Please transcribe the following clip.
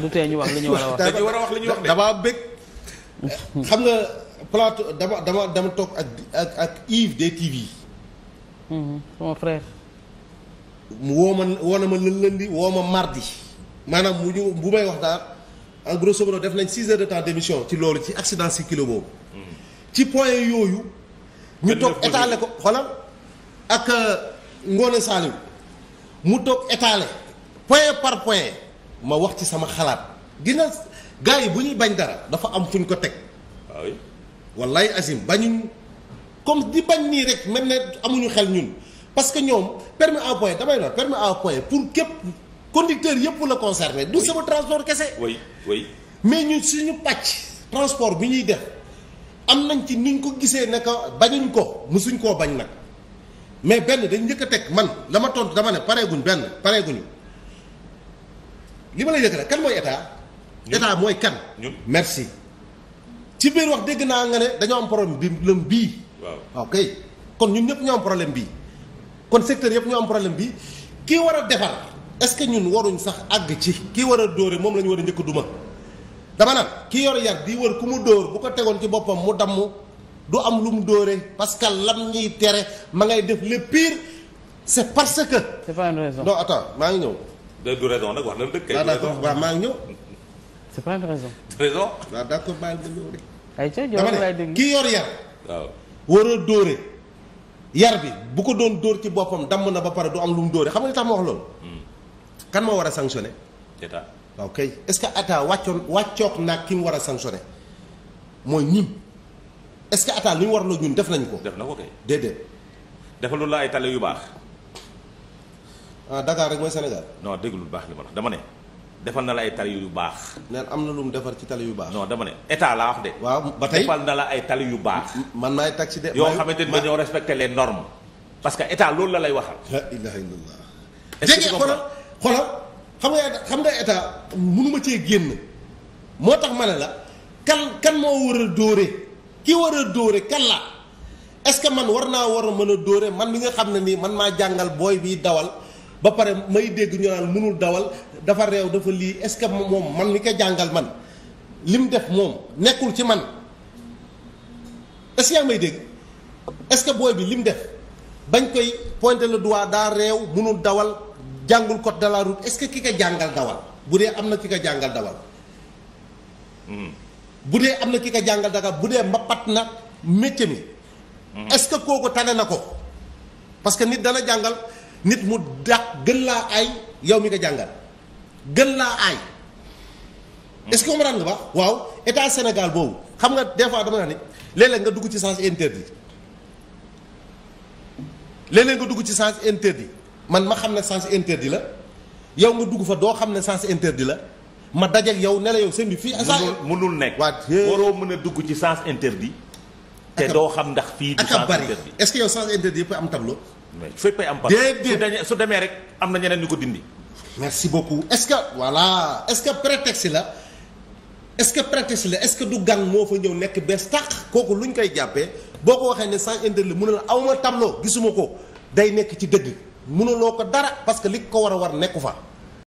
daal du a damaa bëgg xam nga plateau dama dama dama toog ak ak ak Yves des TV. Mhm, sama frère. mu woo ma woo na ma lundi woo ma mardi maanaam mu ñu bu may wax daal en grosso def nañ six heures de temps d'émission ci loolu ci accident si kilo boobu. Mhm. ci point yooyu. ñu toog étalé ko xoolal ak euh, Ngone Saliou mu toog étalé point par point. ma wax ci sama xalaat gis nga gars yi bu ñuy bañ dara dafa am fuñ ko teg. waaw ah wallaay Azim bañuñ comme di bañ nii rek mel ne amuñu xel ñun parce que ñoom permis à point damay la permis à point pour képp conducteur yëpp la concerné. du sama transport kese. oui oui mais ñu suñu pàcc. transport bi ñuy def am nañ ci niñ ko gisee ne que bañuñ ko musuñ koo bañ nag mais benn dañ njëkk a teg man la tontu dama ne pareeguñ benn pareeguñu. li ma lay yëg rek kan mooy état. état mooy kan. merci. ci biir wax dégg naa nga ne dañoo am problème bi lëm bii. waaw kon ñun ñëpp ñoo am problème bii. kon secteur yëpp ñoo am problème bii ki war a defar est-ce que ñun waruñ sax àgg ci. kii war a dóore moom la ñu war a njëkk duma dama naan kii yor yar di wër ku mu dóor bu ko tegoon ci boppam mu damm du am lu mu dóore parce que lam ñuy tere ma ngay def le pire c'est parce que. c'est pas une raison non maa ngi ñëw. de du raison nag wax na dëgg. kay du waaw maa ngi ñëw. c'est pas une kii yor yar. waaw waroo dóore. yar bi bu ko doon dóor ci boppam damm na ba pare du am lu mu dóore xam nga li tax ma wax loolu. Hmm. kan moo war a sanctionné. état waaw kay est-ce que état wàccoon wàccoog naag ki mu war a sanctionné mooy ñim est-ce que état lu ñu warloo ñun def nañ ko. def na ko kay déedéet. defalul la ay tale yu baax. ah Dakar rek mooy Sénégal. non déglul baax li ma wax dama ne. defal na la ay tali yu baax. neen am na lu mu defar ci tali yu baax. non dama ne état laa wax de. waaw ba tey defal na la ay tali yu baax. man maay taxi de. yoo xamante ni dañoo respecté les normes. parce que état loolu la lay waxal. la ilaha illallah. est-ce que xoolal xoolal xam nga xam nga état mënuma cee génn moo tax ma ne la kan kan moo war a dóore ki war a dóore kan la est-ce que man war naa war a mën a dóore man mi nga xam ne nii man maa jàngal booy bii dawal. ba pare may dégg ñoo naan mënul dawal dafa réew dafa lii est-ce que moom man mi ko jàngal man lim def moom nekkul ci man est-ce may dégg est-ce que booy bi lim def bañ koy pointer le doigt daa réew mënul dawal jàngul code de la est-ce que ki ko jàngal dawal bu dee am na ki ko jàngal dawal. bu dee am na ki ko jàngal dawal bu dee mbapat na métier mi. Mm-hmm. est-ce que kooku tane na ko parce que nit dana jàngal. nit mu dàq gën laa ay yow mi ko jàngal gën laa aay. est-ce que comprendre nga baax waaw état Sénégal boobu xam nga des fois dama wax ni léeg nga dugg ci sens interdit léeg nga dugg ci sens interdit man ma xam ne sens interdit la yow nga dugg fa doo xam ne sens interdit la ma dajal yow ne la yow seen bi fii. mënul mënul nekk. waaw waroo mën a dugg ci sens interdit. te doo xam ndax fii. du sens interdit est-ce que yow sens interdit yëpp am tableau. fépp ay am part déedéet su demee rek am na ñeneen ñu ko dindi. merci beaucoup est-ce que voilà est-ce que prétexte la est-ce que prétexte est-ce que du gan moo fa ñëw nekk bees tax kooku lu ñu koy jàppee boo ko waxee ne sans indil la mun la awma tableau gisuma ko day nekk ci dëgg mënuloo ko dara parce que li ko war a war nekku fa.